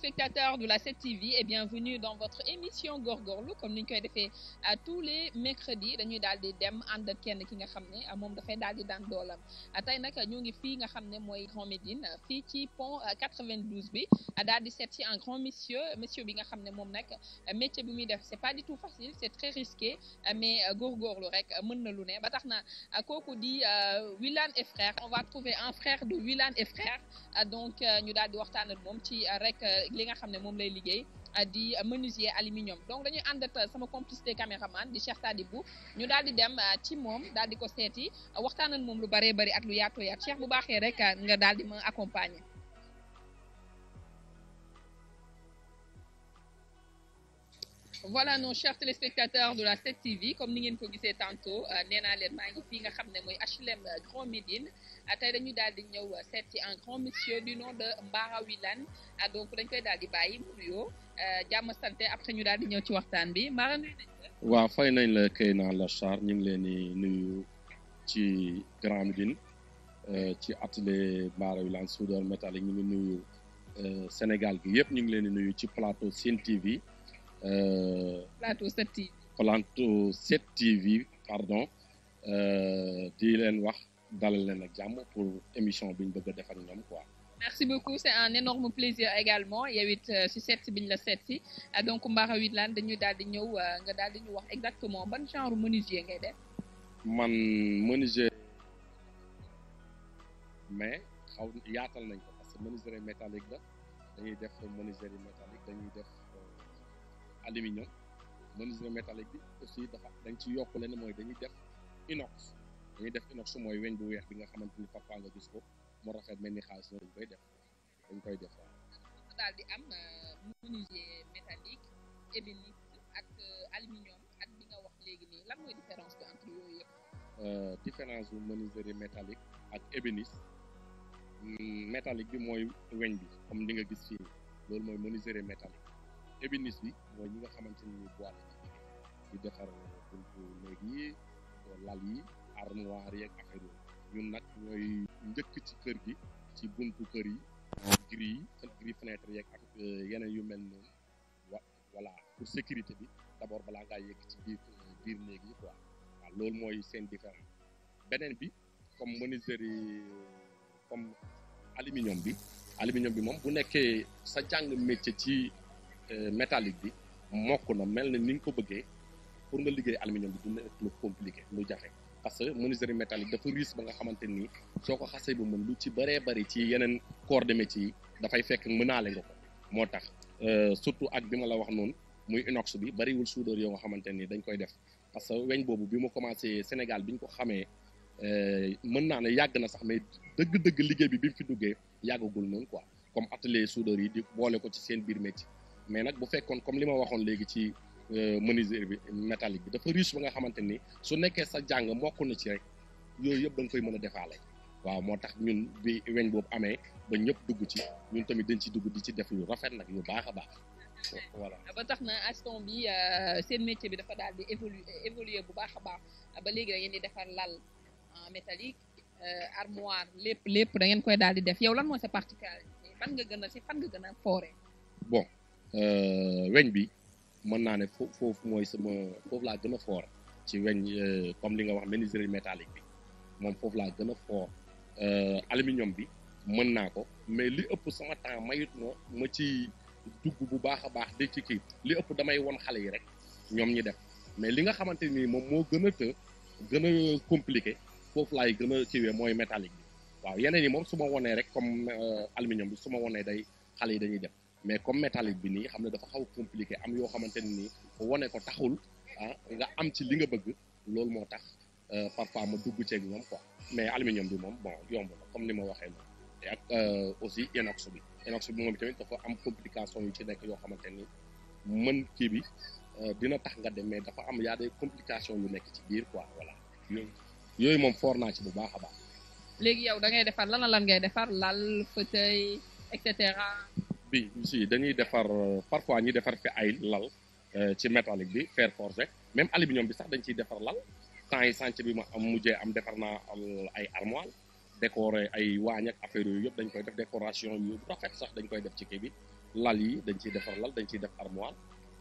téléspectateurs de la 7TV et eh bienvenue dans votre émission góorgóorlu comme ni ñu koy defee tous les mercredis dañuy daal di dem ànd ak kenn ki nga xam ne ah, moom dafay daal di daan doolam ah, tey nag ñu ngi fii nga xam ne mooy Grand Médine ah, fii ci pont 92 bi daal di seet si un grand monsieur monsieur bi nga xam ne moom nag métier bi muy def c'est pas du tout facile c'est très risqué mais góorgóorlu rek mën na lu ne ba tax na kooku di Wilane et frère on va trouver daal di waxtaan ak moom ci rek. li nga xam ne moom lay liggéey ah, di menuisier aluminium donc dañuy ànd ak sama complicité caméraman di di Sadibou ñu dal di dem ah, ci moom daal di ko seeti ah, waxtaan ak moom lu bëree bëri at lu yaatoo yaat Cheikh bu baaxee rek nga daal di ma accompagne voilà nos chers téléspectateurs de la 7TV comme ni ngeen ko gisee tantôt euh, nee naa leen maa ngi fii nga xam ne mooy HLM euh, Grand Médine euh, tey dañu daal di ñëw seet ci un grand monsieur du nom de Mbara Wilane donc dañ koy daal di bàyyi mu nuyoo jàmm santé après ñu daal di ñëw ci waxtaan bi Mbara nuyu nañ nañ la kay naa la Char ñu ngi leen di nuyu ci Grand Médine ci atelier Mbara Wilane soudeur métallique ñu ngi nuyu Sénégal gi yëpp ñu ngi leen di nuyu ci plateau Sen TV. Euh, plateau 7 TV plateau 7 TV pardon euh, di leen wax dalal leen ak jàmm pour émission bi ñu bëgg a def ak ñoom quoi. merci beaucoup c'est un énorme plaisir également yow it euh, si seet si bi ñu la seet si ah, donc Mbara Wilane dañuy daal di ñëw nga daal di ñu wax exactement ban genre menuisier ngay de man menuisier. mais xaw yaatal nañ ko parce que menuiserie métallique la dañuy def menuiserie métallique dañuy def. aluminium menuiserie métallique bi aussi dafa dañ ci yokk leen mooy dañuy def inox dañuy def inox mooy weñ bu weex bi nga xamante ni papa gis ko mu rafet mel ni xaalis koy def koy def waaw. daal di am euh, ak euh, ak bi nga wax léegi nii lan mooy euh, ak ébéniste hmm, métallique bi mooy weñ bi comme li nga gis fii loolu mooy menuiserie métallique. ébéniste bi mooy ñi nga xamante ni bois la ñuy defar buntu néeg yi lal yi armoire yeeg affaire yooyu ñun nag ñooy njëkk ci kër gi ci buntu kër yi gris yi gris fenêtre yeeg ak euh, yeneen yu mel noonu wa voilà pour sécurité bi d'abord balaa ngaa yegg ci biir biir néeg yi quoi mooy seen différence beneen bi comme menuiserie euh, comme aluminium bi aluminium bi moom bu nekkee sa jàng métier ci Euh, métallique bi mokk na mel na ni ngi ko bëggee pour nga liggéey aluminium bi dina ëpp lu compliqué lu jafe parce que menuiserie métallique dafa riche ba nga xamante nii soo ko xasee bu mën lu ci bëree bëri ci yeneen corps de métier yi dafay fekk mënaale nga ko moo tax euh, surtout ak bi ma la wax noonu muy inox bi bariwul soudeur yoo nga xamante nii dañ koy def parce que weñ boobu bi mu commencé Sénégal bi ñu ko xamee euh, mën naa ne yàgg na sax mais dëgg-dëgg liggéey bi bi mu fi duggee yàggagul noonu quoi comme atelier soudeur yi di boole ko ci seen biir métier mais nag bu fekkoon comme li ma waxoon léegi ci euh, menuiserie bi métallique bi dafa riche ba nga xamante ni su nekkee sa jàng mokk na ci rek yooyu yëpp da koy mën a defaale waaw moo tax ñun bi weñ boobu amee ba ñëpp dugg ci ñun tamit dañ ci dugg di ci def rafet nag yu baax a baax voilà ba tax na aston bi euh, seen métier bi dafa daal di évoluer bu baax a baax ba léegi da ngeen di defar lal en métallique euh, armoire lépp lépp da ngeen koy daal di def yow lan mooy sa particularité ban nga gën a si fan nga gën a foore bon Euh, weñ bi mën naa ne foofu mooy suma foofu laa gën a foor ci weñ euh, comme li nga wax menuiserie métallique bi moom foofu laa gën a fort euh, aluminium bi mën naa ko mais li ëpp sama temps mayut ma ma ci dugg bu baax a baax di ci kii li ëpp damay won xale yi rek ñoom ñi def mais li nga xamante nii moom moo gën a të gën a compliqué foofu laay gën a kiiwee mooy métallique bi waaw yeneen yi moom su ma wonee rek comme aluminium bi su ma wonee day xale yi dañuy def mais comme métallique bi nii xam ne dafa xaw compliqué am yoo xamante ne nii wane ko taxul ah nga am ci li nga bëgg loolu moo tax euh, parfois ma dugg ceeg moom ko mais aluminium bi moom bon yomb comme ni ma waxee ak euh, aussi inox bi inox bi moom tamit dafa am complication yu ci nekk yoo xamante ni mën kii bi euh, dina tax nga dem mais dafa am yaa des complications nekk ci biir quoi voilà yooyu moom foor naa ci bu baax a baax léegi yow da ngay defar lan lan ngay defar lal fauteuil et bi si dañuy defar euh, parfois ñu defar fi ay lal euh, ci métallique bi fer forgé même aluminium bi sax dañ ciy defar lal temps yi sànc bi ma am mujjee am defar naa ay armoire décoré ay waañ ak affaire yooyu yëpp dañ koy def décoration yu rafet sax dañ koy def ci kii bi lal yi dañ ciy defar lal dañ ciy def armoire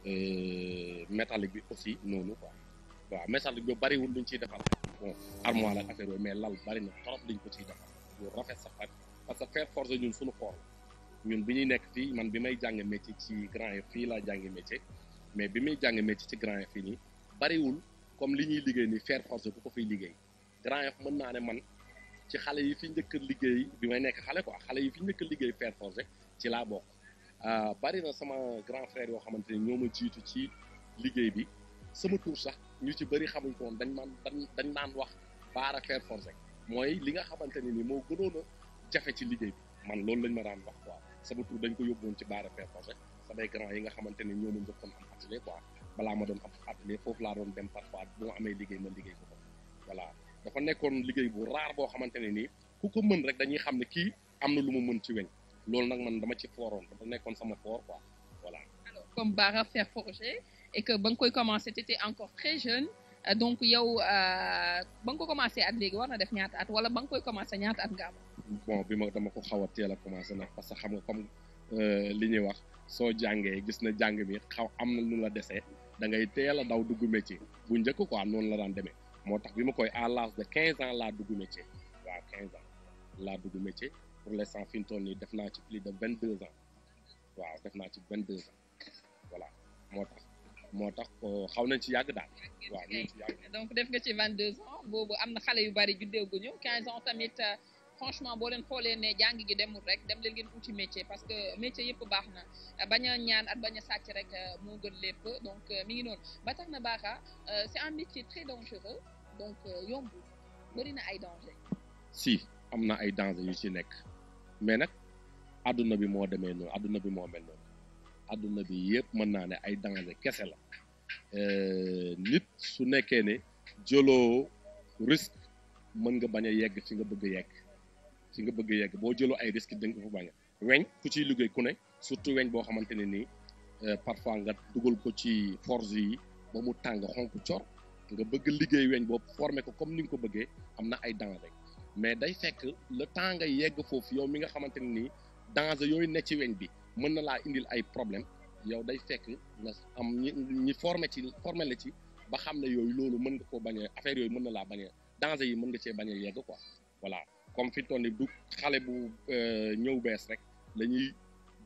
euh, métallique bi aussi noonu quoi waaw métallique bi bariwul luñ ciy defar bon armoire ak affaire yooyu mais lal bari na trop dañ ko ciy defar lu rafet sax parce que fer forgé ñun suñu xool ñun bi ñuy nekk fii man bi may jàng métier ci Grand Yoff fii laa jàngi métier mais bi may jàng métier ci Grand Yoff fii nii bariwul comme li ñuy liggéey ni faire force ku ko fiy liggéey Grand Yoff mën naa ne man ci xale yi fi njëkk liggéey bi may nekk xale ko xale yi fi njëkk liggéey faire force ci laa bokk euh, bari na sama grand frère yoo xamante ni ñoo ma jiitu ci liggéey bi sama tur sax ñu ci bëri xamuñ ko woon dañ maan dañ naan wax baara faire force mooy li nga xamante ne ni moo gënoon a ci liggéey man loolu lañ ma daan wax sama tur dañ ko yóbbuwoon ci Daara Perpage samay grand yi nga xamante ne ñoo ma njëkkoon am atelier quoi balaa ma doon am atelier foofu laa doon dem parfois bu ma amee liggéey ma liggéey ko ko voilà dafa nekkoon liggéey bu raar boo xamante ne nii ku ko mën rek dañuy xam ne kii am na lu ma mën ci weñ loolu nag man dama ci fooroon dafa nekkoon sama foor quoi voilà. alors comme Bara fer forgé et que ba nga koy commencé t'étais encore très jeune euh, donc yow euh, ba nga ko commencé at léegi war na def ñaata at wala ba nga koy commencé ñaata at nga bon bi ma dama ko xaw a teel a commencé nag parce que xam nga comme euh, li ñuy wax soo jàngee gis na jàng mi xaw am na lu la desee da ngay teel a daw dugg métier bu njëkk quoi noonu la daan demee moo tax bi ma koy à l'âge de quinze laa dugg métier waaw quinze ans laa dugg métier pour l'instant fi mu toll nii def naa ci plus de vingt waaw def naa ci vingt deux ans moo tax moo tax euh, xaw nañ ci yàgg daal waaw nañ ci def nga ci vingt deux ans boobu am na xale yu bari juddeeguñu quinze ans tamit euh, franchement boo leen xoolee ne jàng gi demul rek dem leen ngeen uti métier parce que métier yëpp baax na bañ a ñaan ak bañ a sàcc rek euh, moo gën lépp donc euh, mi ngi noonu ba tax na baaxa euh, c'est un métier très dangereux donc yombu bëri ay danger si am na ay danger yu ci nekk mais nag àdduna bi moo demee noonu adduna bi moo mel adduna bi yëpp mën naa ne ay danger kese la nit su nekkee ne joloo risque mën nga bañ yegg fi nga bëgg a yegg fi nga bëgg yegg boo jëloo ay risques da nga ko fa bañ weñ ku ciy liggéey ku ne surtout weñ boo xamante ne nii euh, parfois nga dugal ko ci forge yi ba mu tàng xonk cor nga bëgg liggéey weñ boobu former ko comme ni nga ko bëggee am na ay danger mais day fekk le temps yegg foofu yow mi nga xamante ne nii danger yooyu ne ci weñ bi mën na laa indil ay problème yow day fekk nga am ñi ñi formé ci formé la ci ba xam ne yooyu loolu mën koo bañ a affaire mën na laa bañ a yi mën nga cee bañ a yegg quoi voilà comme fi toll ni du xale bu euh, ñëw bees rek lañuy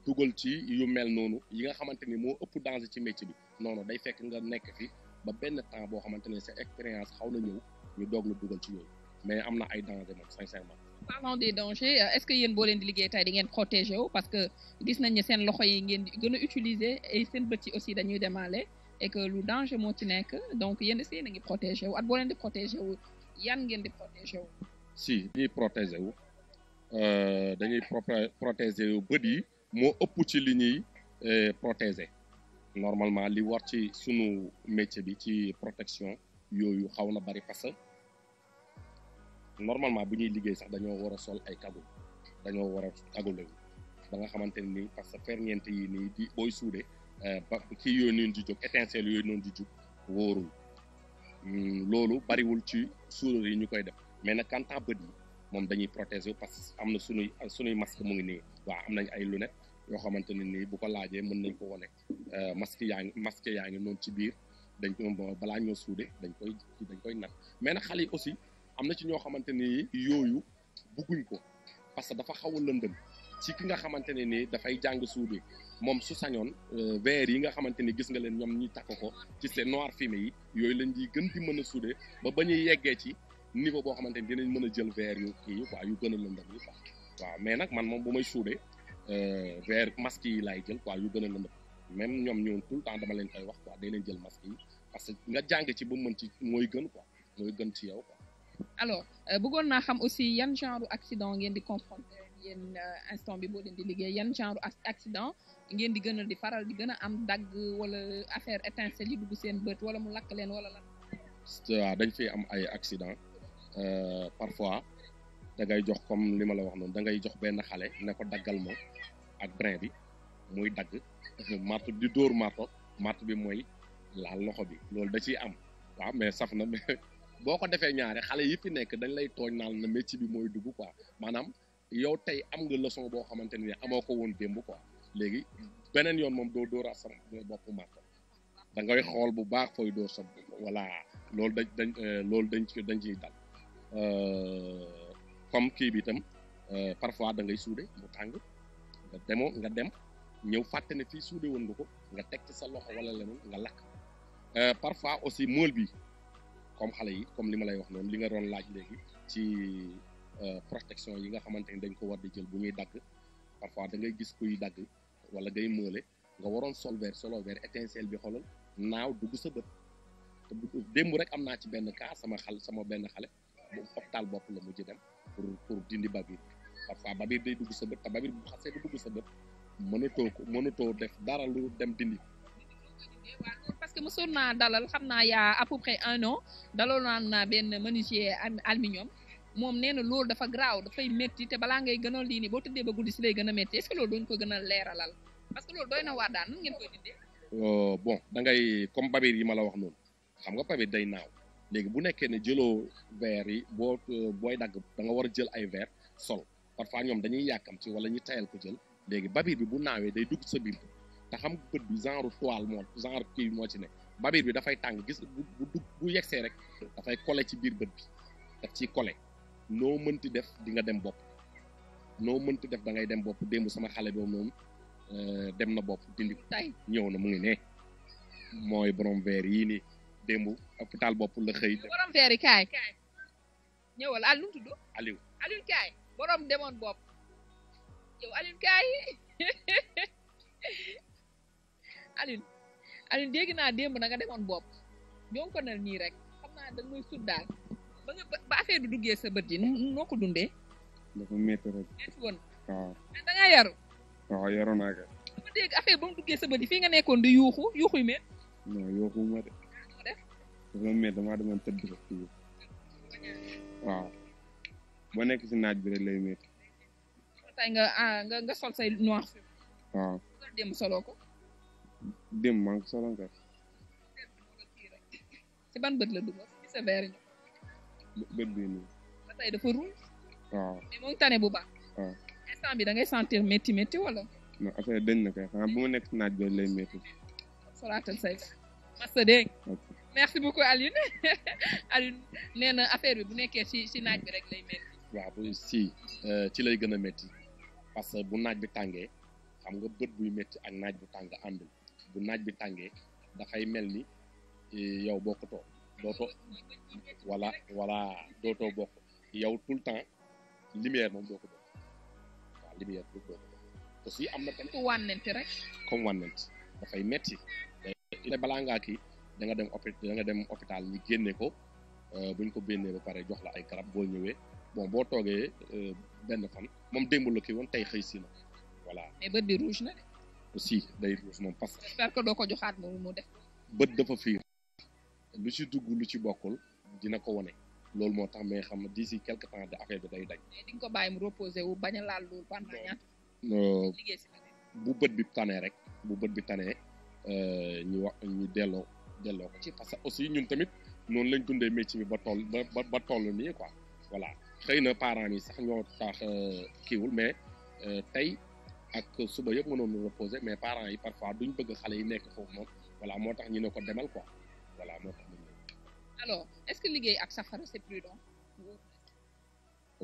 dugal ci yu mel noonu yi nga xamante ni moo ëpp danger ci métier bi noonu day fekk nga nekk fi ba benn temps boo xamante ne sa expérience xaw na ñëw ñu doog la dugal ci yooyu mais am na ay danger moom sincèrement. parlant des dangers euh, est-ce que yéen boo leen di liggéey tey di ngeen protéger wu parce que gis nañ seen loxo yi ngeen gën a utiliser et seen bët yi aussi dañuy demaale et que lu danger moo ci nekk donc yéen est-ce que yéen a ngi protéger wu at yan ngeen di protéger si ñuy protéger wu euh, dañuy protéger wu bët yi moo ëpp ci li ñuy euh, protéger normalement li war ci sunu métier bi ci protection yooyu xaw na bari parce que normalement bu ñuy liggéey sax dañoo war a sol ay kagul dañoo war a kagulawu ba nga xamante ni parce que ferñeent yi nii di booy suude ci euh, kii yooyu noonu di jóg yooyu noonu di jóg wóorul hmm, loolu bariwul ci suudar yi ñu koy def mais nag quant moom dañuy protéger parce que am na sunuy sunuy masque mu ngi nii waaw am nañ ay lunettes yoo xamante ne nii bu ko laajee mën nañ ko wane euh, masque yaa ngi masque ngi noonu ci biir dañ ko balaa ñoo suude dañ koy dañ koy nat mais nag xale yi aussi am na ci ñoo xamante ni yooyu bugguñ ko parce que dafa xaw a lëndëm ci ki nga xamante ne nii dafay jàng suude moom su sañoon euh, verre yi nga xamante ni gis nga leen ñoom ñi takk ko ci seen noir fumé yi yooyu lañ di gën di mën a suude ba ba ñuy yeggee ci niveau boo xamante ni dinañ mën a jël verre kii yu gën a lëndëm yi quoi waaw mais nag man moom bu may suudee euh, verre masque yi laay jël quoi yu gën a lëndëm même ñoom ñoom tout le temps dama leen koy wax quoi day leen jël masque yi parce que nga jàng ci ba mën ci mooy gën quoi mooy gën ci yow quoi. alors euh, bëggoon naa xam aussi yan genre accident ngeen di confronter yéen euh, instant bi boo leen di liggéey yan genre accident ngeen di gën a di faral di gën a am dagg wala affaire étincelle yi dugg seen bët wala mu lakk leen wala lan. waaw dañ fay am ay accident Euh, parfois da ngay jox comme li ma la wax noonu da ngay jox benn xale ne ko daggal ma ak brin bi muy dagg marto di dóor marto marto bi mooy laal loxo bi loolu da ciy am waaw mais saf na mais boo ko defee ñaare xale yi fi nekk dañ lay tooñ naal na métier bi mooy dugg quoi maanaam yow tey am nga leçon boo xamante ni amoo ko woon démb quoi léegi beneen yoon moom doo dóoraat sa bopp marto da ngay xool bu baax fooy dóor sa voilà loolu dañ dañ euh, loolu dañ dañ ciy dal Euh, comme kii bi itam euh, parfois da ngay suude bu tàng nga demoo nga dem ñëw fàtte ne fii suude woon nga ko nga teg ci sa loxo wala leneen nga lakk euh, parfois aussi mool bi comme xale yi comme li ma lay wax noonu li nga doon laaj léegi ci protection yi nga xamante ni dañ ko war di jël bu ñuy dagg parfois da ngay gis kuy dagg wala ngay mële nga waroon sol vert solo vert étincelle bi xoolal naaw dugg sa bët te démb rek am naa ci benn cas sama xal sama benn xale hôpital bopp la mujj dem pour pour dindi babir parce que babir day dugg sa bët te babir bu xasee ba dugg sa bët mënatoo ko def dara lu dem dindi parce que mosoon naa dalal xam naa yaa à peu près un an dalaloon naa benn menuisier aluminium moom nee na loolu dafa graaw dafay métti te balaa ngay gën a lii nii boo tëddee ba guddi si lay gën a métti est-ce que ko gën a leeralal parce que loolu doy na waar daan nan ngeen koy dindee oh, bon da comme babir yi ma la wax noonu xam nga babir day naaw léegi bu nekkee ne jëloo verre yi boo euh, booy dagg da nga war a jël ay verre sol parfois ñoom dañuy yàkkam ci wala ñu tayal ko jël léegi babir bi bu naawee day dugg sa biir te xam bët bi genre toile moo genre kii moo ci ne babir bi dafay tàng gis bu bu dugg bu yegsee rek dafay kole ci biir bët bi daf ciy collé noo mënti def di nga dem bopp noo mënti def da ngay dem bopp démb sama xale boobu moom euh, dem na bopp dindi ko tay ñëw na mu ngi ne mooy borom verre yii nii démb hôpital bopp la xëy. borom feeri kaay. ñëwal al nu tudd. Aliou Aliou kaay borom demoon bopp yow Aliou kaay Aliou dégg naa démb na nga demoon bopp ñoo ngi ko nal nii rek xam naa dañ muy sut daal ba nga ba affaire bi duggee sa bët yi noo ko dundee. dafa métti yaru. waaw yaru naa kay. dama ba mu duggee sa bët yi fii nga nekkoon di yuuxu yuuxu yu mel. de. sama mère damaa demoon tëdd ko fii waaw boo nekk si naaj bi rek lay métti. tey nga ah, nga nga sol ko. démb maa ngi soloon ban bët la dugal ci sa verre bët bii nii. ba tey dafa ruuj. waaw mais moom tane bu baax. waaw instant bi da ngay sentir métti métti wala. non dañ na kay nekk si naaj bi rek solaatal say verre. masa dégg. merci beaucoup Alioune Alioune nee na affaire bi bu nekkee ci ci naaj bi rek lay métti. waaw bu si euh, ci lay gën a métti parce que bu naaj bi tàngee xam nga bët buy métti ak naaj bu tàng àndul bu naaj bi tàngee dafay mel ni eh, yow bokkutoo dootoo voilà voilà dootoo bokk yow tout le temps lumière moom doo ko bokk waaw lumière boobu doo ko bokk am na. comme wànnent rek. comme wànnent dafay métti. balaa ngaa kii. da nga dem opi da nga dem hôpital ñu génnee ko euh, buñ ko bennee ba pare jox la ay garab boo ñëwee bon boo toogee euh, benn fan moom démb la woon tey xëy si na voilà. mais bët bi rouge na aussi day rouge moom parce que. j'espère que ko joxaat moom mu def. bët dafa fiir lu ci dugg lu ci bokkul dina ko wane loolu moo tax mais xam nga d'ici quelque temps de affaire bi day daj. mais di nga ko wu bañ a laal loolu pendant bu bët bi tanee rek bu bët bi tanee euh, ñu wax ñu delloo. delloo ko ci parce que aussi ñun tamit noonu lañ dundee métier bi ba toll ba ba toll nii quoi voilà xëy na parent yi sax ñoo tax euh, kiiwul mais euh, tey ak suba yëpp mënoon nu reposer mais parents yi parfois duñ bëgg xale yi nekk foofu noonu voilà moo tax ñu ne ko demal quoi voilà moo tax alors est-ce que liggéey ak safara c'est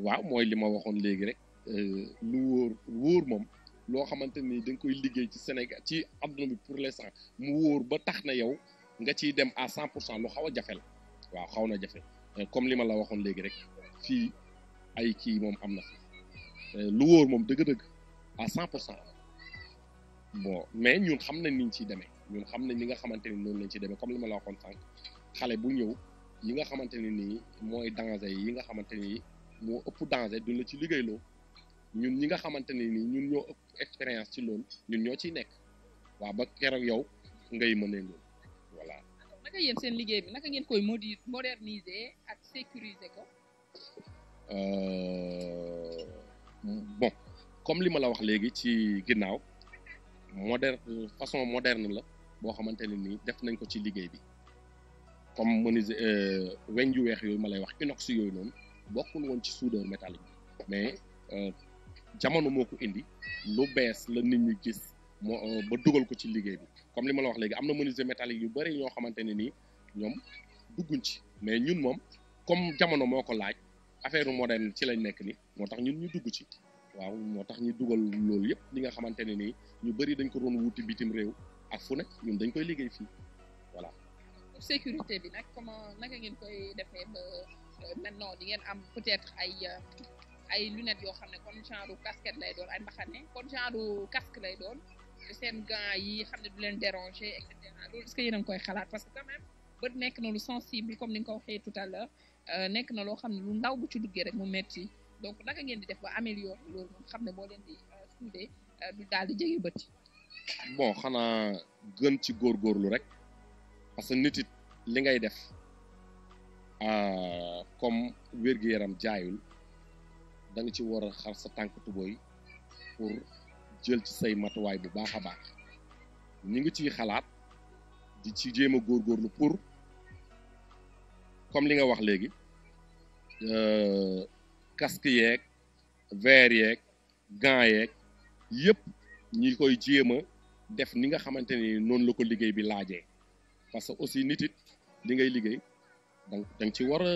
waaw mooy li ma waxoon léegi rek euh, lu wóor wóor moom loo xamante ni da koy liggéey ci Sénégal ci àdduna bi pour l'instant mu wóor ba tax na yow nga ciy dem à cent pour cent lu xaw a jafe la waaw xaw na jafe euh, comme li ma la waxoon léegi rek fii ay kii moom am na fi euh, lu wóor moom dëgg-dëgg à cent pour cent bon mais ñun xam nañ ni ñu ciy demee ñun xam nañ li nga xamante ni noonu lañ ciy demee comme li ma la waxoon sànq xale bu ñëw yi nga xamante ne nii mooy danger yi nga xamante ni moo ëpp danger duñ la ci liggéeyloo ñun ñi nga xamante ne nii ñun ñoo ëpp expérience ci loolu ñun ñoo ciy nekk waaw ba keroog yow ngay mënee loolu. naka yéen seen liggéey bi naka ngeen koy moderniser ak sécuriser ko. Euh, bon comme li ma la wax léegi ci ginnaaw moderne façon moderne la boo xamante ni nii def nañ ko ci liggéey bi comme menuisier euh, weñ yu weex yooyu ma lay wax inox yooyu noonu bokkul woon ci soudeur métallique bi mais euh, jamono moo ko indi lu bees la nit ñi gis moo ba dugal ko ci liggéey bi. comme li ma la wax léegi am na menuisier métallique yu bëri ñoo xamante ne nii ñoom dugguñ ci mais ñun moom comme jamono moo ko laaj affaire moderne ci lañ nekk ni moo tax ñun ñu dugg ci waaw moo tax ñu dugal loolu yëpp li nga xamante ne nii ñu bëri dañ ko doon wuti bitim réew ak fu ne ñun dañ koy liggéey fii voilà. pour sécurité bi nag comment naka ngeen koy defee ba euh, maintenant di ngeen am peut-être ay euh, ay lunettes yoo xam ne comme genre casquette lay dool ay mbaxane comme genre casque lay doon. seen gants yi xam ne du leen déranger et cetera koy xalaat parce que quand même bët nekk na lu sensible comme ni nga ko waxee tout euh, nekk na loo xam ne lu ndaw bu ci duggee rek mu metti donc naka ngeen di def ba améliorer loolu moom xam ne boo leen di euh, suudee euh, du daal di jege bët. bon xanaa gën ci góorgóorlu rek parce que nit it li ngay def comme wér-gu-yaram jaayul da nga ci war a xar sa tànk tubooy pour. jël ci say matuwaay bu baax baax ñu ngi ciy xalaat di ci jéem a góorgóorlu pour comme li nga wax léegi euh, casque yeek verre yeek gants yeeg yëpp ñi koy jéem a def ni nga xamante ni noonu la ko liggéey bi laajee parce que aussi nit it li ngay liggéey donc da ci war a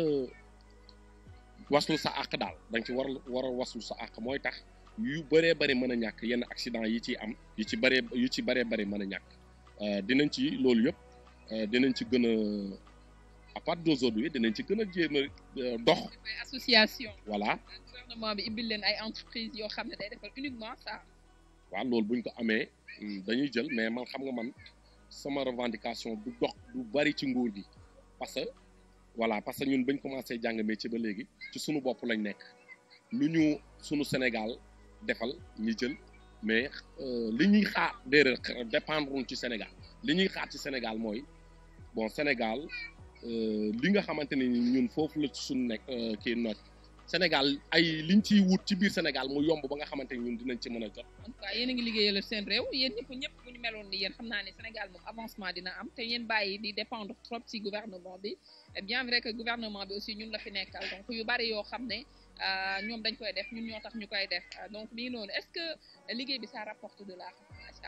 waslu sa àq daal da ci war war a waslu sa àq mooy tax yu bëree bëri mën a ñàkk yenn accident yi ciy am yu ci bëree yu ci bëree bëri mën a ñàkk euh, dinañ ci loolu yëpp euh, dinañ ci gën a à part d'aujourd'hui dinañ ci gën a jéem euh, dox. association. voilà gouvernement ibbil leen ay entreprise yoo xam ne day defal uniquement ça. buñ ko amee hmm, dañuy jël mais man xam nga man sama revendication du dox du bëri ci nguur gi parce que voilà parce que ñun bañ commencé jàng ci ba léegi ci suñu bopp lañ nekk lu ñu sunu Sénégal. defal ñu jël mais euh, li ñuy xaar déedéet dépendre ci Sénégal li ñuy xaat ci Sénégal mooy bon Sénégal euh, li nga xamante ni ñun foofu la suñ nekk euh, kii noot Sénégal ay liñ ci wut ci biir Sénégal mu yomb ba nga xamante ni ñun dinañ ci mën a jot. en tout a ngi liggéeyal seen réew yéen ñëpp ñu meloon ni yéen xam naa ne Sénégal moom avancement dina am te yéen bàyyi di dépendre trop ci gouvernement bi bien vrai que gouvernement bi aussi ñun la fi nekkal donc yu bari yoo xam ne. Euh, ñoom dañ koy def ñun ñoo tax ñu koy def euh, donc mii noonu est-ce que liggéey bi ça rapporte de l'argent est-ce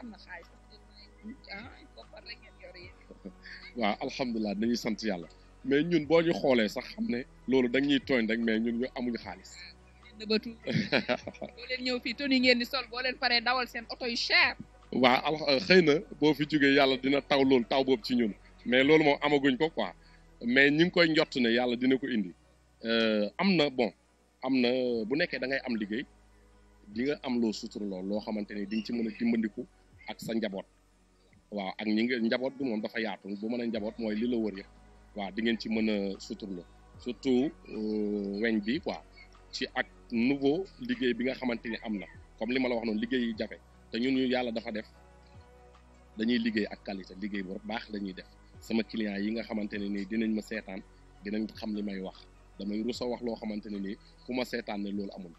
ah, dañuy sant yàlla mais ñun boo ñu xoolee sax xam ne loolu dañ ñuy tooñ rek mais ñun ñu amuñu xaalis. Ah, nëbëtu boo leen ñëw fii toni ngeen di sol boo leen paree dawal seen oto yu cher. waaw al euh, xëy na boo fi jógee yàlla dina taw lool taw boobu ci ñun mais loolu moom amaguñ ko quoi mais ñi ngi koy njott ne yàlla dina ko indi am na bon. am na bu nekkee dangay am liggéey di nga am loo suturloo loo xamante ni di ci mën a dimbandiku ak sa njaboot waaw ak ñi nga njaboot bi moom dafa yaatu bu mën a njaboot mooy li la wër yëpp waaw di ngeen ci mën a la surtout euh, weñ bi quoi ci ak nouveau liggéey bi nga xamante ni am na comme li ma la wax noonu liggéey yi jafe te ñun ñu yàlla dafa def dañuy liggéey ak qualité liggéey bu baax la ñuy def sama client yi nga xamante ne nii dinañ ma seetaan dinañ xam li may wax damay rus wax loo xamante ne nii ku ma seetaan ne loolu amul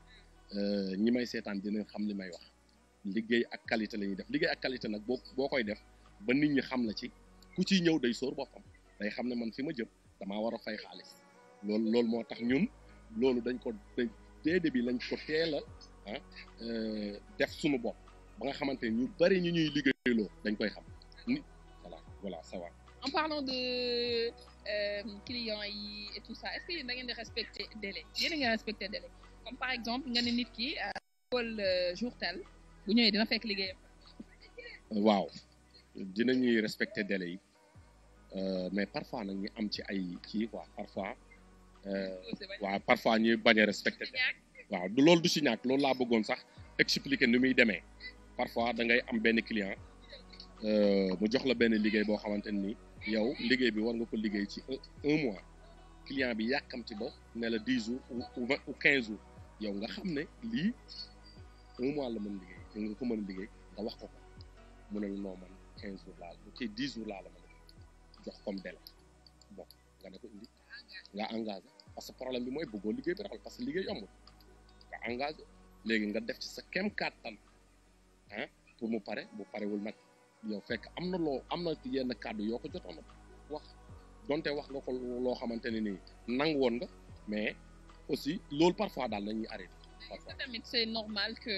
euh, ñi may seetaan dinañ xam li may wax liggéey ak qualité la ñuy def liggéey ak qualité nag boo koy def ba nit ñi xam la ci ku ciy ñëw day sóor boppam day xam ne man fi ma jëm damaa war a fay xaalis loolu loolu moo tax ñun loolu dañ ko déedéet bi lañ ko teel a ah euh, def suñu bopp ba nga xamante ne ñu bari ñu ñuy liggéey liggéeyloo dañ koy xam ni voilà voilà ça Euh, client yi et tout da ngeen di respecter délai yéen a ngi respecter nga ne nit ki xool euh, euh, jour tel bu ñëwee dina fekk liggéeyam. waaw dinañuy respecter délai yi mais parfois nag ñu am ci ay kii quoi parfois. waaw parfois ñuy bañ a respecter. waaw du loolu du si ñàkk loolu laa bëggoon sax expliquer ni muy demee parfois da ngay am benn client mu jox la benn liggéey boo xamante ni. yow liggéey bi war nga ko liggéey ci un mois client bi yàkkamti ba ne la dix jours ou vingt ou quinze jours yow nga xam ne lii un mois la mën liggéey nga ko mën liggéey nga wax ko ko mu ne la noo man quinze jours laa la la mën jox comme nga ne ko indi nga engagé parce que problème bi mooy buggoo liggéey bi raxal parce que liggéey yombul nga engagé léegi nga def ci sa kem kàttan ah pour mu pare bu parewul mag yow fekk am na loo am na yenn kàddu yoo ko jotoon wax donte wax nga ko loo xamante ne nii nangu woon nga mais aussi loolu parfois daal la ñuy arrêté. parfois tamit c'est normal que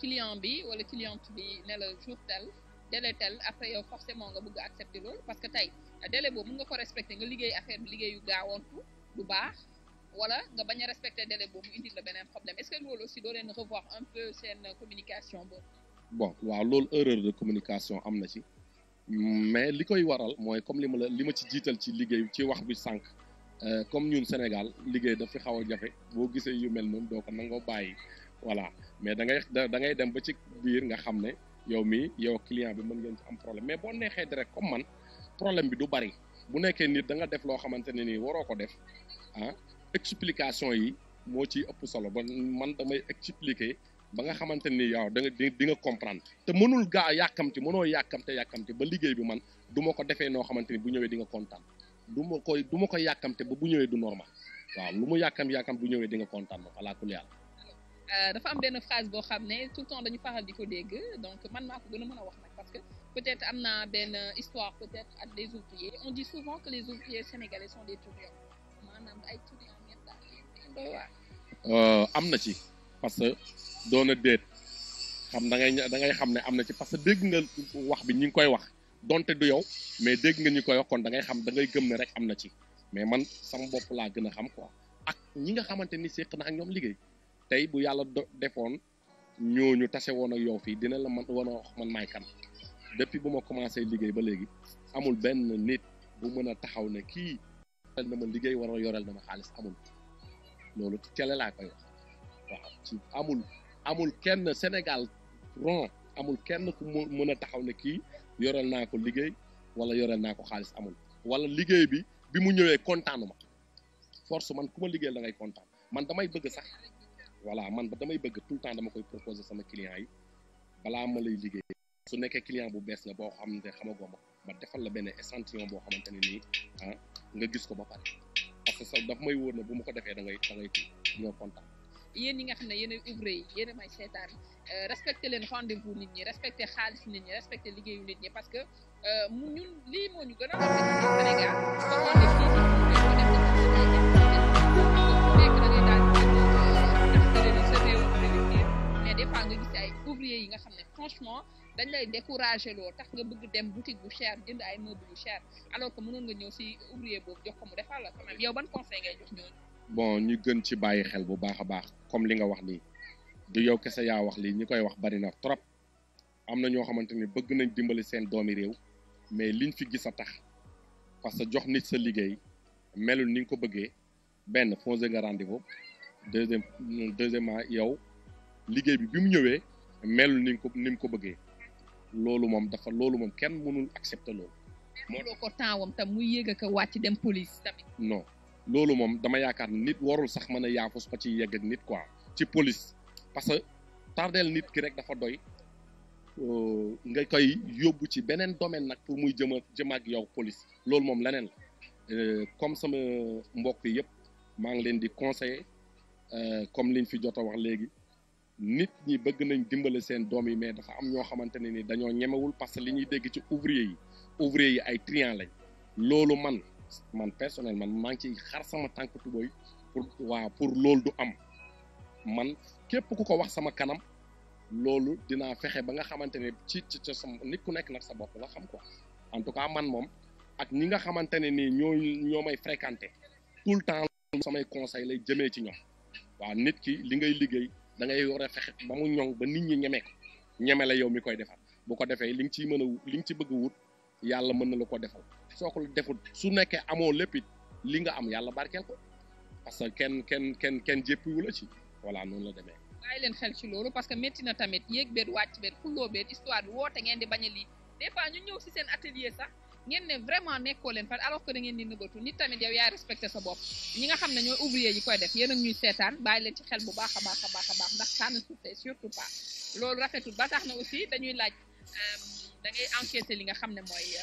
client bi wala cliente bi ne la jour tel délai tel après yow forcément nga bëgg accepter loolu parce que tey délai boobu mën nga ko respecter nga liggéey affaire bi liggéeyu gaawantu du baax. wala nga bañ a respecter boo boobu indil la beneen problème est-ce que loolu aussi doo leen revoir un peu seen communication boobu. bon waaw loolu erreur de communication am na ci mais li koy waral mooy comme li ma la li ma ci jiital ci liggéey ci wax bi sànq euh, comme ñun Sénégal liggéey dafa xaw a jafe boo gisee yu mel noonu doo ko nangoo bàyyi voilà mais da ngay da ngay dem ba ci biir nga xam ne yow mi yow client bi mën ngeen ci am problème mais boo neexee direct comme man problème bi du bari bu nekkee nit danga def loo xamante ne nii waroo ko def ah, explication yi moo ci ëpp solo ba man damay expliquer. ba nga xamante ni yow da nga comprendre te mënul gaa yàkkamti mënoo yàkkamte yàkkamte ba liggéey bi man du ma ko defee noo xamante ni bu ñëwee dinga nga kontaan du ma koy du ma koy yàkkamte ba bu ñëwee du normal waaw lu mu yàkkam yàkkam bu ñëwee di nga kontaan moom alaa kulli yàlla euh, dafa am benn phrase boo xam ne tout le temps dañu faral di ko dégg donc man maa ko gën a mën a wax nag parce que peut-être am na benn histoire peut-être ak des ouvriers on dit souvent que les ouvriers sénégalais sont des truands euh, am na ci parce que doon a déet xam dangay ngay da ngay xam ne am na ci parce que dégg nga wax bi ñi ngi koy wax donte du yow mais dégg nga ñi koy wax kon da ngay xam dangay gëm ne rek am na ci mais man sama bopp laa gën a xam quoi ak ñi nga xamante ni séq na ak ñoom liggéey tey bu yàlla defoon ñu tase woon ak yow fii dina la man wan a wax man maay kan depuis bu ma commencé liggéey ba léegi amul benn nit bu mën a taxaw ne kii yorel na ma liggéey war a yorel na xaalis amul loolu cele koy wax amul kenn Sénégal ron amul kenn ku mu mën a taxaw ne kii yoreel naa ko liggéey wala yoreel naa ko xaalis amul wala liggéey bi bi mu ñëwee kontaanu ma force man ku ma liggéeyal da ngay kontaan man damay bëgg sax voilà man damay bëgg tout le temps dama koy proposer sama client yi balaa ma lay liggéey su nekkee client bu bees nga boo xam ne xamagoo ma ma defal la benn échantillon boo xamante ne nii ah nga gis ko ba pare parce que sax daf may wóor ne bu ma ko defee da ngay da ngay kii ñoo kontaan. yéen yi nga xam ne yéen ay ouvrier yi yenn a may seetaan euh, respecté leen rendez-vous nit ñi respecté xaalis nit ñi respecté liggéeyu nit ñi parce que euh, mu ñun lii moo ñu gën a Sénégal euh, mais des fois nga ouvrier yi nga xam ne franchement dañ lay découragé loo tax nga bëgg dem boutique bu cher jënd ay meubles yu cher alors que mënoon nga ñëw si ouvrier boobu jox ko mu defal la quand yow ban conseil ngay jox ñooñu bon ñi gën ci bàyyi xel bu baax a baax comme li nga wax nii di yow kese yaa wax lii ñi koy wax bari na trop am na ñoo xamante ni bëgg nañ dimbali seen doomi réew mais liñ fi gis a tax parce que jox nit sa liggéey melul ni nga ko bëggee benn faussé nga rendez-vous deuxième deuxièmement yow liggéey bi bi mu ñëwee melul ni nga ko ni ko bëggee loolu moom dafa loolu moom kenn mënul accepter loolu. moo ko taawam tam muy yéeg a ko wàcc dem police tamit. non. loolu moom dama yaakaar nit warul sax mën a yaafus ba ci yegg ak nit quoi ci police parce que tardeel nit ki rek dafa doy euh, nga koy yóbbu ci beneen domaine nag pour muy jëma jëm ak yow police loolu moom leneen la euh, comme sama mbokk yëpp maa ngi leen di conseiller euh, comme liñ fi jot a wax léegi nit ñi bëgg nañ dimbali seen doom yi mais dafa am ñoo xamante ne ni dañoo ñemewul parce que li ñuy dégg ci ouvrier yi ouvrier yi ay triant lañ loolu man man personnellement man maa ci xar sama tànk tubéy pour waaw pour loolu du am man képp ku ko wax sama kanam loolu dinaa fexe ba nga xamante ne ci ci ca sama nit ku nekk nag sa bopp la xam ko en tout ca man moom ak ñi nga xamante ne nii ñoo ñoo may fréquenté tout le temps samay conseil lay jëmee ci ñoom waaw nit ki li ngay liggéey da ngay war a fexe ba mu ñoŋ ba nit ñi ñeme ko ñeme la yow mi koy defal bu ko defee li nga ciy mën a li nga ci bëgg wut yàlla mën na la ko defal soo ko deful su nekkee amoo lépp li nga am yàlla barkeel ko parce que kenn kenn kenn kenn jéppiwu la ci voilà noonu la demee. bàyyi leen xel ci loolu parce que métti na tamit yéeg beet wàcc beet xulloo beet histoire bi woote ngeen di bañ a lii des fois ñu ñëw si seen atelier sax ngeen ne vraiment nekkoo leen fa alors que da ngeen di nëbatu nit tamit yow yaa respecté sa bopp ñi nga xam ne ñooy ouvrier yi koy def yéen a ñuy seetaan bàyyi leen ci xel bu baax a baax a baax a baax ndax tànn suuf surtout pas ba tax na aussi dañuy laaj euh, da ngay enquêter li nga xam ne mooy. Euh,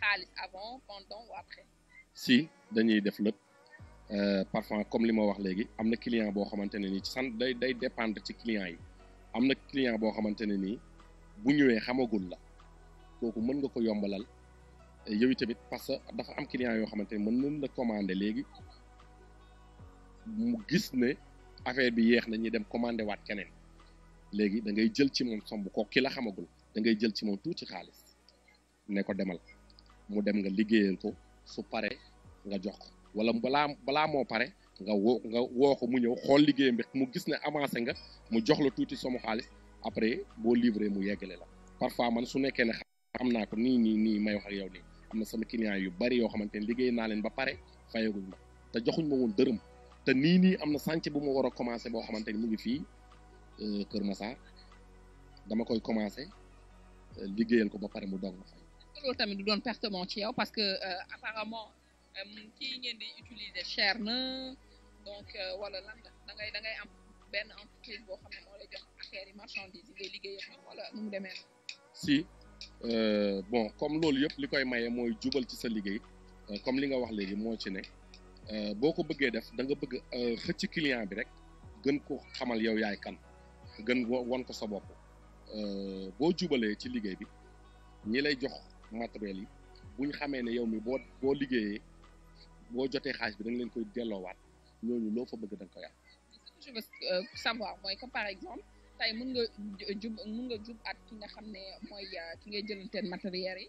xaalis avant pendant ou après. si dañuy def lépp euh, parfois comme li ma wax léegi am na client boo xamante ne nii ci sant day day dépendre ci client yi am na client boo xamante ne nii bu ñëwee xamagul la kooku mën nga ko yombalal euh, yow tamit parce que dafa am client yoo xamante ne mën nañ la commander léegi mu gis ne affaire bi yéex na ñuy dem commander waat keneen léegi da ngay jël ci moom somb ko ki la xamagul da ngay jël ci moom tuuti xaalis ne ko demal. mu dem nga liggéeyal ko su pare nga jox ko wala balaa balaa moo pare nga woo nga woo ko mu ñëw xool liggéeyam bi mu gis ne avancé nga mu jox la tuuti sama xaalis après boo livré mu yeggale la parfois man su nekkee ne xam naa ko nii nii nii may wax yow nii am na sama client yu bari yoo xamante ne liggéey naa leen ba pare fayaguñ ma te joxuñ ma woon dërëm te nii nii am na sànc bu ma war a commencé boo xamante ni mu ngi fii euh, Kër Massar dama koy commencé euh, liggéeyal ko ba pare mu doog tamit du doon perte bon ci yow parce que euh, apparemment kii euh, ngeen di utiliser cher na donc euh, wala lan la da am benn entreprise boo xam ne moo lay jox affaire marchandise yi liggéey wala nu mu demee si bon comme loolu yëpp li koy maye mooy jubal ci sa liggéey comme li nga wax léegi moo ci ne boo ko bëggee def da nga bëgg xëcc client bi rek gën ko xamal yow yaay kan gën won ko sa bopp boo jubalee ci liggéey bi ñi lay jox matériel yi bu ñu xamee ne yow mi boo boo liggéeyee boo jotee xaalis bi da leen koy delloowaat ñooñu loo fa bëgg da nga koy am. ce que je veux euh, mooy que par exemple tey mën euh, nga jub mën nga at ki nga xam ne mooy euh, ki ngay jëlanteen matériel yi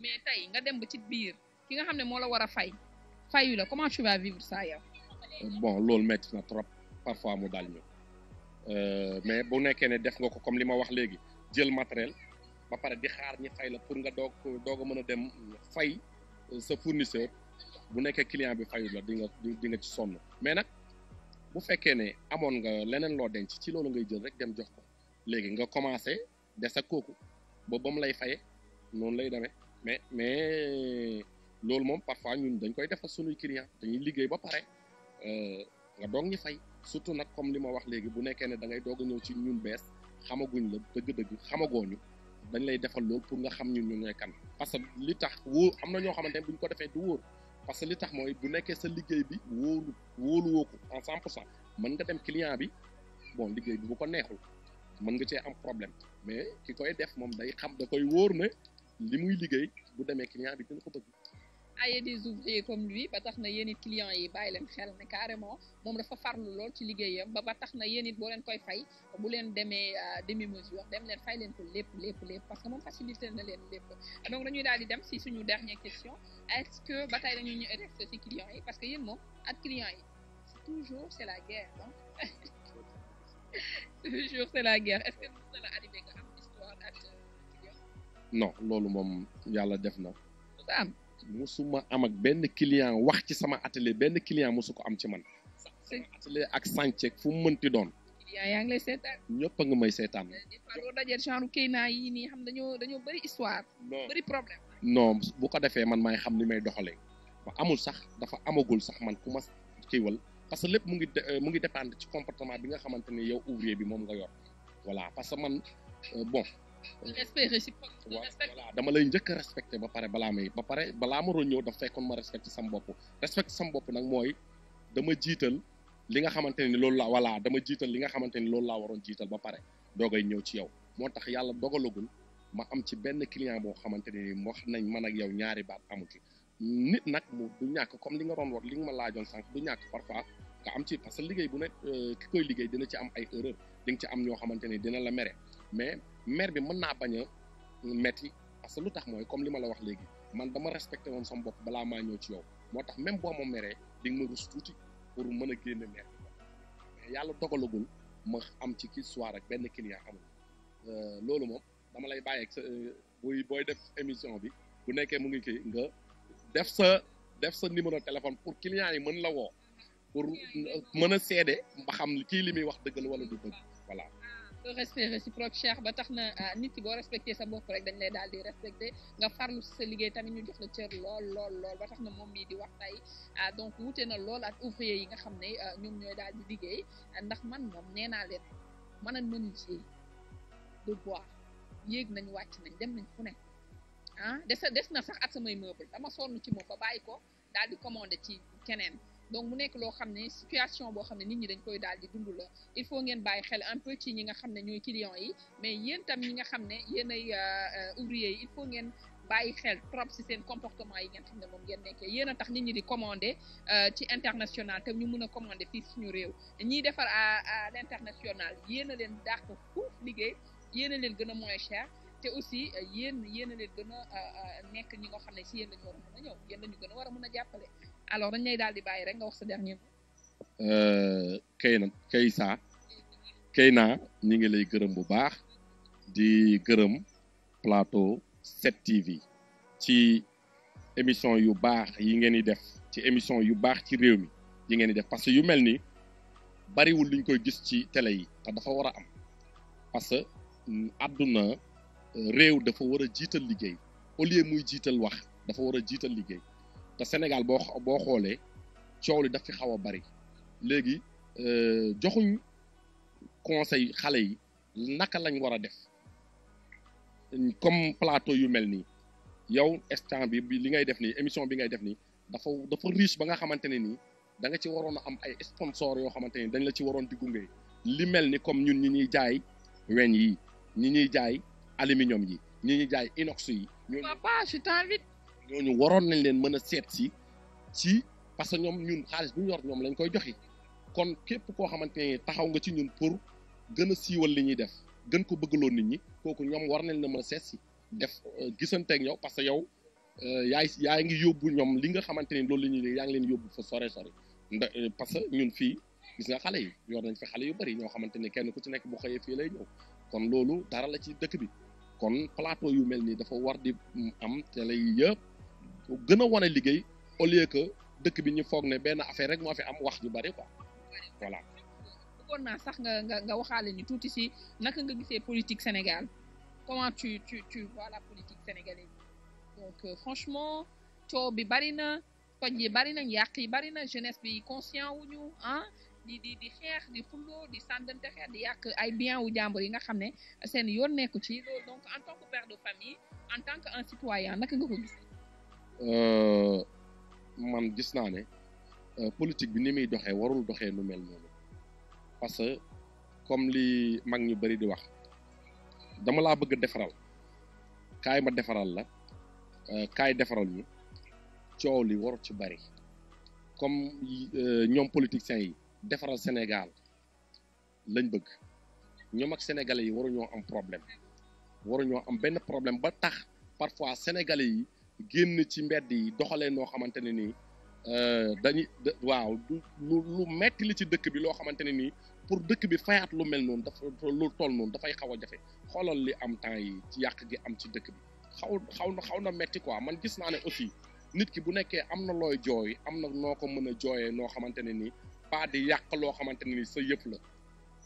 mais tey nga dem ba ci biir ki nga xam ne moo la war a fay fayu la comment tu vas vivre ça yow. bon loolu métti na trop parfois mu daal ñu mais bu nekkee ne def nga ko comme li ma wax léegi jël matériel. ba pare di xaar ñi fay la pour nga doog doog a mën a dem fay sa fournisseur bu nekkee client bi fayu la di nga di nga ci sonn mais nag bu fekkee ne amoon nga leneen loo denc ci loolu ngay jël rek dem jox ko léegi nga commencé des ak kooku ba mu lay faye noonu lay demee mais mais loolu moom parfois ñun dañ koy defal sunuy client dañuy liggéey ba pare euh, nga doog ñi fay surtout nag comme li ma wax léegi bu nekkee ne da ngay doog a ñëw ci ñun bees xamaguñ la dëgg-dëgg xamagooñu dañ lay defal loolu pour nga xam ñu ñu ñooy kan parce que li tax wo am na ñoo xamante ne bu ñu ko defee du wóor parce que li tax mooy bu nekkee sa liggéey bi wóolu wóolu woo ko en cent pour cent mën nga dem client bi bon liggéey bi bu ko neexul mën nga cee am problème mais ki koy def moom day xam da koy wóor ne li muy liggéey bu demee client bi dina ko bëgg ay des ouvriers comme lui ba tax na yéen it clients yi bàyyi leen xel ne carrément moom dafa farlu lool ci liggéeyam ba ba tax na yéen it boo leen koy fay bu leen demee euh, demi mesure dem leen fay leen ko lépp lépp lépp parce que moom facilité na leen lépp donc dañuy daal di dem si suñu dernière question est-ce que ba tey dañuy ñu resté si clients yi parce que yéen moom ak clients yi toujours c'est la guerre donc la guerre est-ce que mën na la arrivé nga am histoire euh, non loolu moom yàlla def na musuma am ak benn client wax ci sama atelier benn client musu ko am ci man sama atelier ak sànceeg fu mu mënti doon yaa ngi lay seetaan ñëpp a nga may seetaan dajee genre kii naa yi nii xam dañoo dañoo bëri histoire bëri problème non bu ko defee man maay xam ni may doxalee ba amul sax dafa amagul sax man ku ma kiiwal parce que lépp mu ngi euh, mu ngi dépendre ci comportement bi nga xamante ne yow ouvrier bi moom nga yor voilà parce que man euh, bon respect réciproque dama lay njëkk a respecté ba pare balaa may ba pare balaa ma doon ñëw daf fekkoon ma respecté sam bopp respecté sam bopp nag mooy dama jiital li nga xamante ni loolu la voilà dama jiital li nga xamante ni loolu laa waroon jiital ba pare doogay ñëw ci yow moo tax yàlla dogalagul ma am ci benn client boo xamante ne nii wax nañ man ak yow ñaari baat amu ci nit nag mu du ñàkk comme li nga doon wax li nga ma laajoon sànq du ñàkk parfois nga am ci parce que liggéey bu ne euh, ki koy liggéey dina ci am ay erreur li nga ci am ñoo xamante ni dina la mere maire bi mën naa bañ a metti parce que lu tax mooy comme li ma la wax léegi man dama respecté woon sama bopp balaa maa ñëw ci yow moo tax même boo ma meree di nga ma rus tuuti pour mën a génne maire mais am ci kii soir ak benn client xamul euh, loolu moom dama lay bàyyeeg sa euh, buy booy def émission bi bu nekkee mu ngi kii nga def sa def sa numéro téléphone pour client yi mën la woo pour mën a seede ba xam kii li muy wax dëgg la wala du dëgg voilà respect réciproque Cheikh ba tax na ah, nit ki boo respecté sa bopp rek dañ lay daal di respecté nga farlu si sa liggéey tamit ñu jox la cër lool lool lool ba tax na moom mii di wax tey ah, donc wute na lool ak ouvrier yi nga xam ne ah, ñoom ñooy daal di liggéey ndax man moom nee naa leen mën a menuisier de bois yéeg nañu wàcc nañ dem nañ fu nekk ah des des na sax ak samay meuble dama sonn ci moom ba bàyyi ko daal di commandé ci keneen donc mu nekk loo xam ne situation boo xam ne nit ñi dañ koy daal di dund la il faut ngeen bàyyi xel un peu ci ñi nga xam ne ñooy clients yi mais yéen tam ñi nga xam ne yéen ay euh, ouvrier yi il ngeen bàyyi xel trop ci seen yi ngeen xam ne ngeen nekkee yéen a tax nit ñi di commander euh, ci international te ñu mën a commander fii suñu réew ñiy defar à à yéen a leen dàq fuuf liggéey yéen leen gën a moins cher te aussi euh, yéen yéen a leen gën nekk ñi nga xam ne ci yéen lañu war a mën gën a war mën a jàppale alors dañ lay daal di bàyyi rek nga wax sa dernier mot. Euh, kay na kay saa naa ñu ngi lay gërëm bu baax di gërëm plateau 7TV ci émission yu baax yi ngeen di def ci émission yu baax ci réew mi yi ngeen di def parce que yu mel ni bariwul luñ koy gis ci télé yi te dafa war a am parce que mm, àdduna euh, réew dafa war a jiital liggéey au lieu muy jiital wax dafa war a jiital liggéey. te Sénégal boo boo xoolee coow li daf fi xaw a bari léegi euh, joxuñ conseil xale yi naka lañ war a def comme plateau yu mel nii yow instant bi li ngay def nii émission bi ngay def nii dafa dafa riche ba nga xamante ne nii danga nga ci waroon a am ay sponsor yoo xamante ni dañ la ci waroon di gunge li mel ni comme ñun ñi ñuy jaay weñ yi ñi ñuy jaay aluminium yi ñi ñuy jaay inox yi. ñooñu waroon nañ leen mën a seet si ci parce que ñoom ñun xaalis bu ñu yor ñoom lañ koy joxe kon képp koo xamante ne taxaw nga ci ñun pour gën a siiwal li ñuy def gën ko bëgg bëggaloo nit ñi kooku ñoom war nañ la mën a def euh, gisanteeg yow parce que yow euh, yaay yaa ngi yóbbu ñoom li nga xamante ne loolu la ñuy yaa ngi leen yóbbu fa sore sore ndax euh, parce que ñun fii gis nga xale yi yor nañ fi xale yu bëri ñoo xamante ne kenn ku ci nekk bu xëyee fii lay ñëw kon loolu dara la ci dëkk bi kon plateau yu mel nii dafa war di mm, am télé yi yëpp gën a wane liggéey au lieu que dëkk bi ñu foog ne benn affaire rek moo fi am wax ju bari quoi voilà. bëggoon naa sax nga nga nga waxaale ni tuuti si naka nga gisee politique Sénégal comment tu tu tu vois la politique sénégalaise donc euh, franchement coow bi bari na toj yi bari na yàq yi bari na jeunesse bi conscient wu ñu ah di di di xeex di xuloo di sàndante xeex di yàq ay bien wu jàmbur yi nga xam ne seen yoon nekku ci en tant que père de famille en tant que un citoyen naka nga ko gis Euh, man gis naa ne euh, politique bi ni muy doxee warul doxee nu mel noonu parce que comme lii mag ñu bari di wax dama laa bëgg defaral kaay ma defaral la euh, kaay defaral ñu coow li warul ci bari comme ñoom politiciens yi defaral Sénégal lañ bëgg ñoom ak sénégalais yi waruñoo am problème waruñoo am benn problème ba tax parfois sénégalais yi génn ci mbedd yi doxalee noo xamante ne nii euh, dañuy waaw lu lu metti li ci dëkk bi loo xamante ne nii pour dëkk bi fayaat lu mel noonu dafa lu toll noonu dafay xaw a jafe xoolal li am temps yi yàq gi am ci dëkk bi xaw xaw na xaw na metti quoi man gis naa ne aussi nit ki bu nekkee am na looy jooy am na noo ko mën a jooyee noo xamante ne nii pas di yàq loo xamante ne nii sa yëf la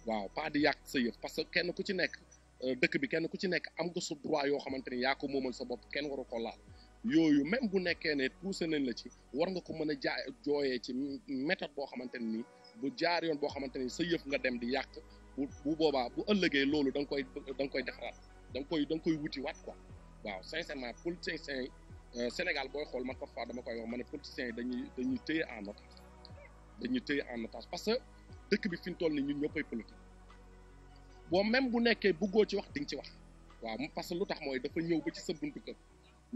waaw pas di yàq sa yëf parce que kenn ku ci nekk euh, dëkk bi kenn ku ci nekk am nga sa droit yoo xamante ni yaa ko moomal sa bopp kenn waru ko yooyu même bu nekkee ne poussé nañ la ci war nga ko mën a jaa jooyee ci méthode boo xamante ne nii bu jaar yoon boo xamante ni sa yëf nga dem di yàq bu bu boobaa bu ëllëgee loolu da nga koy da nga koy defaraat da nga koy da nga koy wuti waat quoi waaw sincèrement politiciens yi euh, Sénégal booy xool man parfois dama koy wax ma ne politiciens yi dañuy dañuy téye en otage dañuy téye en otage parce que dëkk bi fi ñu toll nii ñu ñëppay politique boo même bu nekkee bëggoo ci wax di nga ci wax waaw parce que lu tax mooy dafa ñëw ba ci sa buntu kër.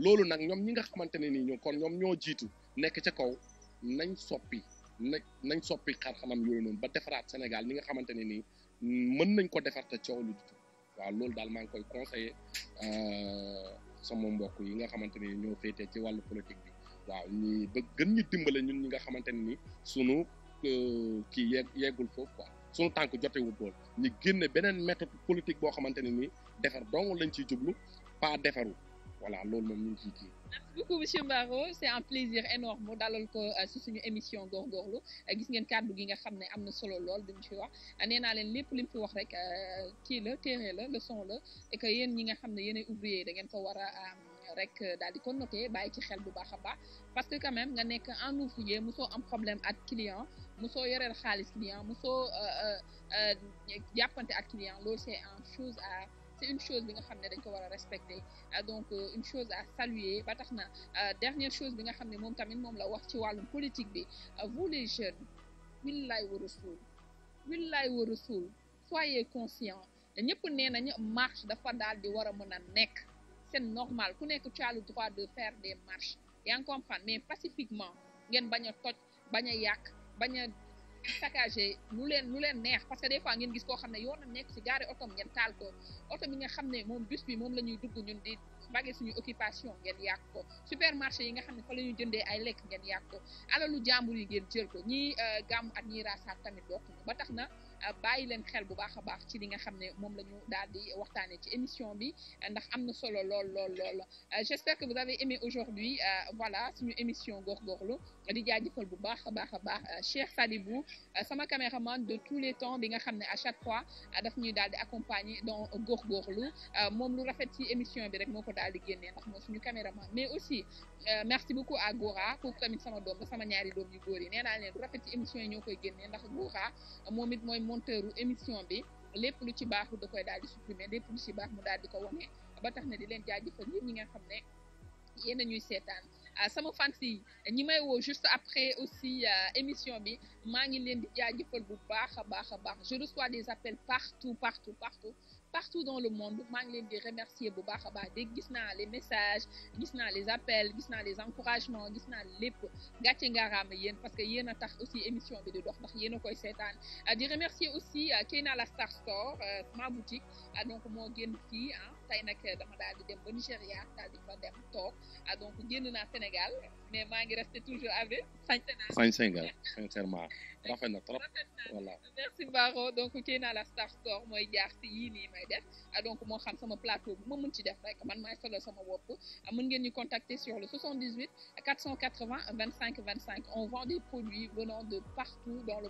loolu nag ñoom ñi nga xamante ne nii ñu kon ñoom ñoo jiitu nekk ca kaw nañ soppi na nañ soppi xar-xanam yooyu noonu ba defaraat Sénégal ñi nga xamante ne nii mën nañ ko defar te coow lu jiitu loolu daal maa ngi koy conseiller euh, sama mbokk yi nga xamante ne ñoo féetee ci wàllu politique bi waaw ñi ba gën ñu dimbale ñun ñi nga xamante ne nii sunu euh, kii ye yeggul foofu quoi sunu tànk jotewul lool ñu génne beneen méthode politique boo xamante ne nii defar dong lañ ciy jublu pas defaru voilà loolu moom ñu ngi ciy kii. merci beaucoup monsieur Mbaro c'est un plaisir énorme mu dalal ko euh, si suñu émission góorgóorlu euh, gis ngeen kàddu gi nga xam ne am na solo lool dañu fi wax euh, nee naa leen lépp li mu fi wax rek kii la téere la leçon la et que yéen ñi nga xam ne yéenay ouvrier da ngeen ko war rek daal di kon noté bàyyi ci xel bu baax a baax parce que quand même nga nekk en mu soo am problème ak client soo yoreel xaalis client mosoo jàppante ak client loolu c'est une chose à. c'est une chose bi nga xam ne dañ ko war a respecter ah, donc euh, une chose à saluer ba tax na euh, dernière chose bi nga xam ne moom tamit moom la wax ci wàllum politique bi euh, vous les jeunes willaay wa rasul willaay wa rasul soyez conscients te ñëpp nee nañu marche dafa daal di war a mën a nekk seen normal ku nekk tu as le droit de faire des marches yaa ngi mais pacifiquement ngeen bañ a toj bañ a yàq saccagé lu leen lu leen neex parce que des ngeen gis koo xam ne yoonam nekk ci gaare otom ngeen taal ko oto bi nga xam ne moom bus bi moom la ñuy dugg ñun di bage suñu occupation ngeen yàq ko supermarché yi nga xam ne fa la jëndee ay lekk ngeen yàq ko lu jàmbur yi ngeen jël ko ñii euh, gàmm ak ñii raasaat tamit bokk ba tax na euh, bàyyi leen xel bu baax a baax ci li nga xam ne moom la ñu daal di waxtaanee ci émission bi ndax am na solo lool lool lool euh, j'espère que vous avez aimé aujourd'hui voilà suñu émission Goor Goorlu di jaajëfal bu baax a baax a baax euh, Cheikh Sadibou euh, sama caméraman de tous les temps bi nga xam ne à chaque fois euh, daf ñuy daal di accompagner dans góorgóorlu moom lu rafet ci émission bi rek moo ko daal di génnee ndax moo suñu caméraman mais aussi merci beaucoup à Gora kooku tamit sama doom ba sama ñaari doom yu góor yi nee naa leen lu rafet ci émission yi ñoo koy génnee ndax Gora moom it mooy monteuru émission bi lépp lu ci baaxul da koy daal di supprimer lépp lu ci baax mu daal di ko wane ba tax na di leen jaajëfal yéen ñi nga xam ne yéen a ñuy seetaan. sama fans yi ñi may woo juste après aussi euh, émission bi maa ngi leen di jaajëfal bu baax a baax a baax je reçois des appels partout partout partout partout dans le monde maa ngi leen di remercier bu baax a baax dégg gis naa les messages gis naa les appels gis naa les encouragements gis naa lépp gàcce ngaaraama yéen parce que yéen a tax aussi émission bi di dox ndax yéen a koy seetaan euh, di remercier aussi euh, Keyna la Star Store ma boutique donc moo génn fii tey nag dama daal di dem ba Nigéria daal di fa dem toog ah, donc génn naa Sénégal mais maa ngi resté toujours avec. sañ Sénégal sañ Sénégal sincèrement. rafet na trop la Star Store mooy jaar si yii ah, moo xam sama plateau bu ma ci def rek man maay solo sama bopp ah, mën ngeen ñu contacter sur le 78 480 25 25 on vend des produits venant de partout dans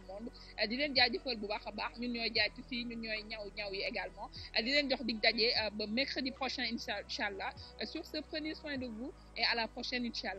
ah, di leen jaajëfal bu baax a baax ñun ñooy jaay fii ñun ñooy ñaw yi également di jox dig daje ba mercredi prochain incha allah sur ce de vous et à la prochaine incha